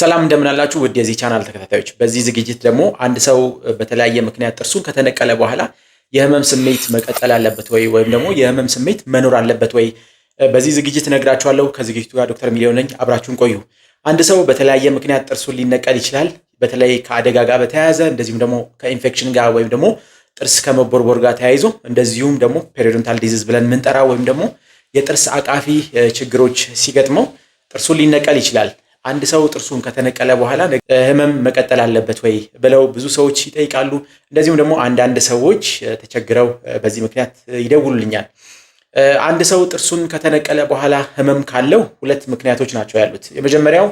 ሰላም እንደምናላችሁ ውድ የዚህ ቻናል ተከታታዮች። በዚህ ዝግጅት ደግሞ አንድ ሰው በተለያየ ምክንያት ጥርሱን ከተነቀለ በኋላ የህመም ስሜት መቀጠል አለበት ወይ ወይም ደግሞ የህመም ስሜት መኖር አለበት ወይ በዚህ ዝግጅት እነግራችኋለሁ። ከዝግጅቱ ጋር ዶክተር ሚሊዮን ነኝ፣ አብራችሁን ቆዩ። አንድ ሰው በተለያየ ምክንያት ጥርሱን ሊነቀል ይችላል። በተለይ ከአደጋ ጋር በተያያዘ እንደዚሁም ደግሞ ከኢንፌክሽን ጋር ወይም ደግሞ ጥርስ ከመቦርቦር ጋር ተያይዞ እንደዚሁም ደግሞ ፔሪዶንታል ዲዚዝ ብለን ምንጠራ ወይም ደግሞ የጥርስ አቃፊ ችግሮች ሲገጥመው ጥርሱን ሊነቀል ይችላል። አንድ ሰው ጥርሱን ከተነቀለ በኋላ ህመም መቀጠል አለበት ወይ ብለው ብዙ ሰዎች ይጠይቃሉ። እንደዚሁም ደግሞ አንዳንድ ሰዎች ተቸግረው በዚህ ምክንያት ይደውሉልኛል። አንድ ሰው ጥርሱን ከተነቀለ በኋላ ህመም ካለው ሁለት ምክንያቶች ናቸው ያሉት። የመጀመሪያው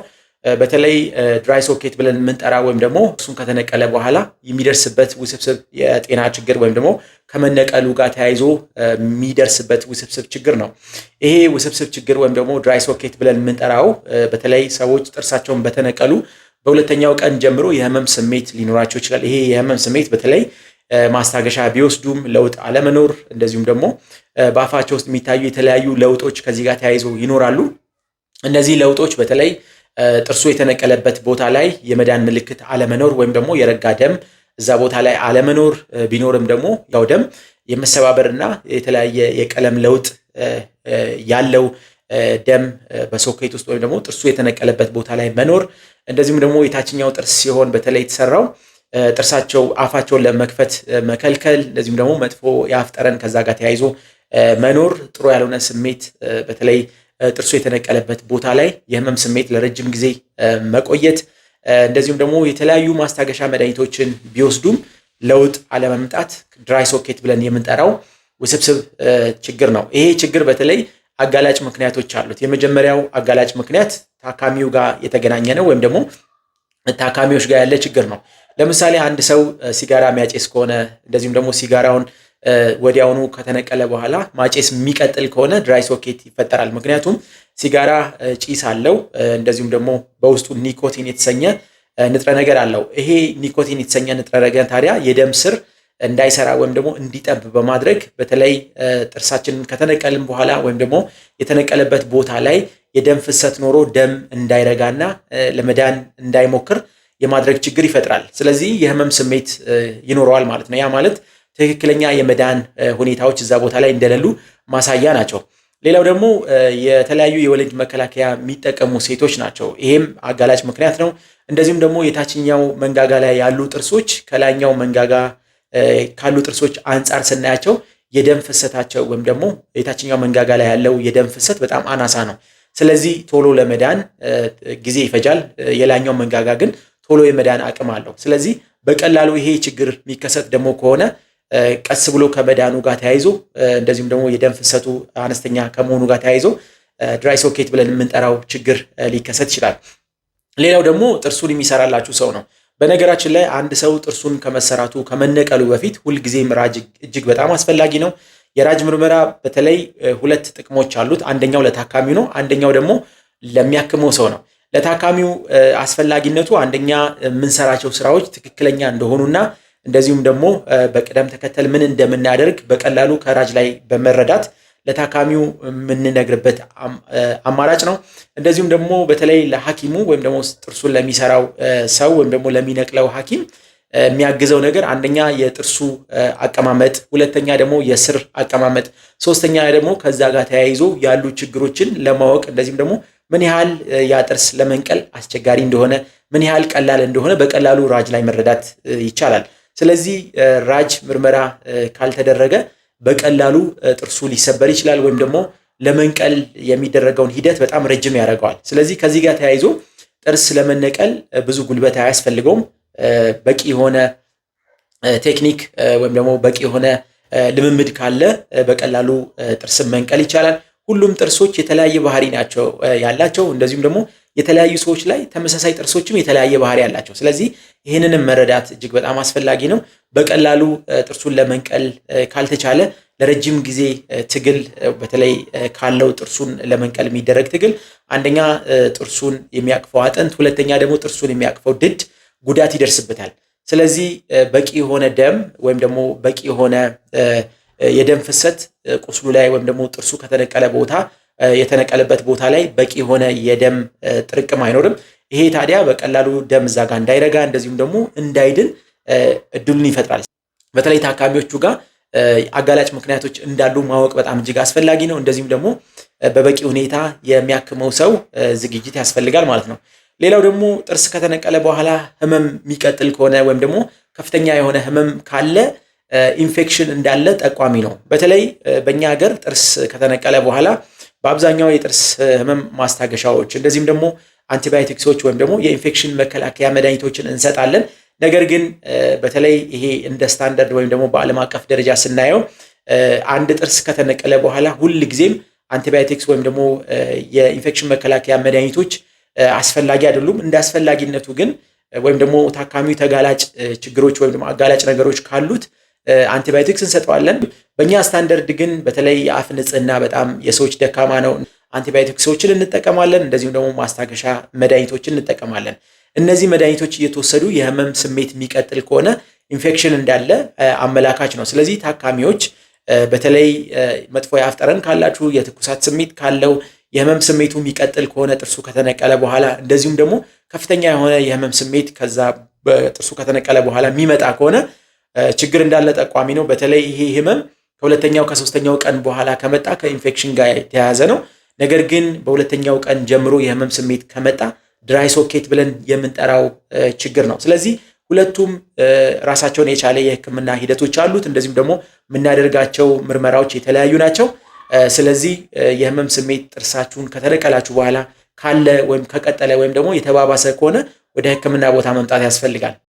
በተለይ ድራይ ሶኬት ብለን የምንጠራ ወይም ደግሞ እሱን ከተነቀለ በኋላ የሚደርስበት ውስብስብ የጤና ችግር ወይም ደግሞ ከመነቀሉ ጋር ተያይዞ የሚደርስበት ውስብስብ ችግር ነው። ይሄ ውስብስብ ችግር ወይም ደግሞ ድራይ ሶኬት ብለን የምንጠራው በተለይ ሰዎች ጥርሳቸውን በተነቀሉ በሁለተኛው ቀን ጀምሮ የህመም ስሜት ሊኖራቸው ይችላል። ይሄ የህመም ስሜት በተለይ ማስታገሻ ቢወስዱም ለውጥ አለመኖር እንደዚሁም ደግሞ በአፋቸው ውስጥ የሚታዩ የተለያዩ ለውጦች ከዚህ ጋር ተያይዞ ይኖራሉ። እነዚህ ለውጦች በተለይ ጥርሱ የተነቀለበት ቦታ ላይ የመዳን ምልክት አለመኖር ወይም ደግሞ የረጋ ደም እዛ ቦታ ላይ አለመኖር ቢኖርም ደግሞ ያው ደም የመሰባበርና የተለያየ የቀለም ለውጥ ያለው ደም በሶኬት ውስጥ ወይም ደግሞ ጥርሱ የተነቀለበት ቦታ ላይ መኖር እንደዚሁም ደግሞ የታችኛው ጥርስ ሲሆን በተለይ የተሰራው ጥርሳቸው አፋቸውን ለመክፈት መከልከል እንደዚሁም ደግሞ መጥፎ የአፍ ጠረን ከዛ ጋር ተያይዞ መኖር ጥሩ ያልሆነ ስሜት በተለይ ጥርሶ የተነቀለበት ቦታ ላይ የህመም ስሜት ለረጅም ጊዜ መቆየት እንደዚሁም ደግሞ የተለያዩ ማስታገሻ መድኃኒቶችን ቢወስዱም ለውጥ አለመምጣት ድራይ ሶኬት ብለን የምንጠራው ውስብስብ ችግር ነው። ይሄ ችግር በተለይ አጋላጭ ምክንያቶች አሉት። የመጀመሪያው አጋላጭ ምክንያት ታካሚው ጋር የተገናኘ ነው ወይም ደግሞ ታካሚዎች ጋር ያለ ችግር ነው። ለምሳሌ አንድ ሰው ሲጋራ የሚያጨስ ከሆነ እንደዚሁም ደግሞ ሲጋራውን ወዲያውኑ ከተነቀለ በኋላ ማጨስ የሚቀጥል ከሆነ ድራይ ሶኬት ይፈጠራል። ምክንያቱም ሲጋራ ጭስ አለው፣ እንደዚሁም ደግሞ በውስጡ ኒኮቲን የተሰኘ ንጥረ ነገር አለው። ይሄ ኒኮቲን የተሰኘ ንጥረ ነገር ታዲያ የደም ስር እንዳይሰራ ወይም ደግሞ እንዲጠብ በማድረግ በተለይ ጥርሳችንን ከተነቀልን በኋላ ወይም ደግሞ የተነቀለበት ቦታ ላይ የደም ፍሰት ኖሮ ደም እንዳይረጋና ለመዳን እንዳይሞክር የማድረግ ችግር ይፈጥራል። ስለዚህ የህመም ስሜት ይኖረዋል ማለት ነው። ያ ማለት ትክክለኛ የመዳን ሁኔታዎች እዛ ቦታ ላይ እንደሌሉ ማሳያ ናቸው። ሌላው ደግሞ የተለያዩ የወሊድ መከላከያ የሚጠቀሙ ሴቶች ናቸው። ይሄም አጋላጭ ምክንያት ነው። እንደዚሁም ደግሞ የታችኛው መንጋጋ ላይ ያሉ ጥርሶች ከላይኛው መንጋጋ ካሉ ጥርሶች አንጻር ስናያቸው የደም ፍሰታቸው ወይም ደግሞ የታችኛው መንጋጋ ላይ ያለው የደም ፍሰት በጣም አናሳ ነው። ስለዚህ ቶሎ ለመዳን ጊዜ ይፈጃል። የላይኛው መንጋጋ ግን ቶሎ የመዳን አቅም አለው። ስለዚህ በቀላሉ ይሄ ችግር የሚከሰት ደግሞ ከሆነ ቀስ ብሎ ከመዳኑ ጋር ተያይዞ እንደዚሁም ደግሞ የደም ፍሰቱ አነስተኛ ከመሆኑ ጋር ተያይዞ ድራይ ሶኬት ብለን የምንጠራው ችግር ሊከሰት ይችላል። ሌላው ደግሞ ጥርሱን የሚሰራላችሁ ሰው ነው። በነገራችን ላይ አንድ ሰው ጥርሱን ከመሰራቱ ከመነቀሉ በፊት ሁልጊዜ ምራጅ እጅግ በጣም አስፈላጊ ነው። የራጅ ምርመራ በተለይ ሁለት ጥቅሞች አሉት። አንደኛው ለታካሚው ነው፣ አንደኛው ደግሞ ለሚያክመው ሰው ነው። ለታካሚው አስፈላጊነቱ አንደኛ የምንሰራቸው ስራዎች ትክክለኛ እንደሆኑና እንደዚሁም ደግሞ በቅደም ተከተል ምን እንደምናደርግ በቀላሉ ከራጅ ላይ በመረዳት ለታካሚው የምንነግርበት አማራጭ ነው። እንደዚሁም ደግሞ በተለይ ለሐኪሙ ወይም ደግሞ ጥርሱን ለሚሰራው ሰው ወይም ደግሞ ለሚነቅለው ሐኪም የሚያግዘው ነገር አንደኛ የጥርሱ አቀማመጥ፣ ሁለተኛ ደግሞ የስር አቀማመጥ፣ ሶስተኛ ደግሞ ከዛ ጋር ተያይዞ ያሉ ችግሮችን ለማወቅ እንደዚሁም ደግሞ ምን ያህል ያ ጥርስ ለመንቀል አስቸጋሪ እንደሆነ፣ ምን ያህል ቀላል እንደሆነ በቀላሉ ራጅ ላይ መረዳት ይቻላል። ስለዚህ ራጅ ምርመራ ካልተደረገ በቀላሉ ጥርሱ ሊሰበር ይችላል ወይም ደግሞ ለመንቀል የሚደረገውን ሂደት በጣም ረጅም ያደርገዋል። ስለዚህ ከዚህ ጋር ተያይዞ ጥርስ ለመነቀል ብዙ ጉልበት አያስፈልገውም። በቂ የሆነ ቴክኒክ ወይም ደግሞ በቂ የሆነ ልምምድ ካለ በቀላሉ ጥርስን መንቀል ይቻላል። ሁሉም ጥርሶች የተለያየ ባህሪ ናቸው ያላቸው እንደዚሁም ደግሞ የተለያዩ ሰዎች ላይ ተመሳሳይ ጥርሶችም የተለያየ ባህሪ ያላቸው። ስለዚህ ይህንንም መረዳት እጅግ በጣም አስፈላጊ ነው። በቀላሉ ጥርሱን ለመንቀል ካልተቻለ ለረጅም ጊዜ ትግል በተለይ ካለው ጥርሱን ለመንቀል የሚደረግ ትግል አንደኛ ጥርሱን የሚያቅፈው አጥንት፣ ሁለተኛ ደግሞ ጥርሱን የሚያቅፈው ድድ ጉዳት ይደርስበታል። ስለዚህ በቂ የሆነ ደም ወይም ደግሞ በቂ የሆነ የደም ፍሰት ቁስሉ ላይ ወይም ደግሞ ጥርሱ ከተነቀለ ቦታ የተነቀለበት ቦታ ላይ በቂ የሆነ የደም ጥርቅም አይኖርም። ይሄ ታዲያ በቀላሉ ደም እዛ ጋር እንዳይረጋ እንደዚሁም ደግሞ እንዳይድን እድሉን ይፈጥራል። በተለይ ታካሚዎቹ ጋር አጋላጭ ምክንያቶች እንዳሉ ማወቅ በጣም እጅግ አስፈላጊ ነው። እንደዚሁም ደግሞ በበቂ ሁኔታ የሚያክመው ሰው ዝግጅት ያስፈልጋል ማለት ነው። ሌላው ደግሞ ጥርስ ከተነቀለ በኋላ ህመም የሚቀጥል ከሆነ ወይም ደግሞ ከፍተኛ የሆነ ህመም ካለ ኢንፌክሽን እንዳለ ጠቋሚ ነው። በተለይ በእኛ ሀገር ጥርስ ከተነቀለ በኋላ በአብዛኛው የጥርስ ህመም ማስታገሻዎች እንደዚህም ደግሞ አንቲባዮቲክሶች ወይም ደግሞ የኢንፌክሽን መከላከያ መድኃኒቶችን እንሰጣለን። ነገር ግን በተለይ ይሄ እንደ ስታንዳርድ ወይም ደግሞ በዓለም አቀፍ ደረጃ ስናየው አንድ ጥርስ ከተነቀለ በኋላ ሁል ጊዜም አንቲባዮቲክስ ወይም ደግሞ የኢንፌክሽን መከላከያ መድኃኒቶች አስፈላጊ አይደሉም። እንደ አስፈላጊነቱ ግን ወይም ደግሞ ታካሚው ተጋላጭ ችግሮች ወይም ደግሞ አጋላጭ ነገሮች ካሉት አንቲባዮቲክስ እንሰጠዋለን። በእኛ ስታንደርድ ግን በተለይ የአፍ ንጽህና በጣም የሰዎች ደካማ ነው። አንቲባዮቲክሶችን እንጠቀማለን። እንደዚሁም ደግሞ ማስታገሻ መድኃኒቶችን እንጠቀማለን። እነዚህ መድኃኒቶች እየተወሰዱ የህመም ስሜት የሚቀጥል ከሆነ ኢንፌክሽን እንዳለ አመላካች ነው። ስለዚህ ታካሚዎች በተለይ መጥፎ የአፍ ጠረን ካላችሁ፣ የትኩሳት ስሜት ካለው፣ የህመም ስሜቱ የሚቀጥል ከሆነ ጥርሱ ከተነቀለ በኋላ እንደዚሁም ደግሞ ከፍተኛ የሆነ የህመም ስሜት ከዛ በጥርሱ ከተነቀለ በኋላ የሚመጣ ከሆነ ችግር እንዳለ ጠቋሚ ነው። በተለይ ይሄ ህመም ከሁለተኛው ከሶስተኛው ቀን በኋላ ከመጣ ከኢንፌክሽን ጋር የተያያዘ ነው። ነገር ግን በሁለተኛው ቀን ጀምሮ የህመም ስሜት ከመጣ ድራይ ሶኬት ብለን የምንጠራው ችግር ነው። ስለዚህ ሁለቱም ራሳቸውን የቻለ የህክምና ሂደቶች አሉት። እንደዚሁም ደግሞ የምናደርጋቸው ምርመራዎች የተለያዩ ናቸው። ስለዚህ የህመም ስሜት ጥርሳችሁን ከተነቀላችሁ በኋላ ካለ ወይም ከቀጠለ ወይም ደግሞ የተባባሰ ከሆነ ወደ ህክምና ቦታ መምጣት ያስፈልጋል።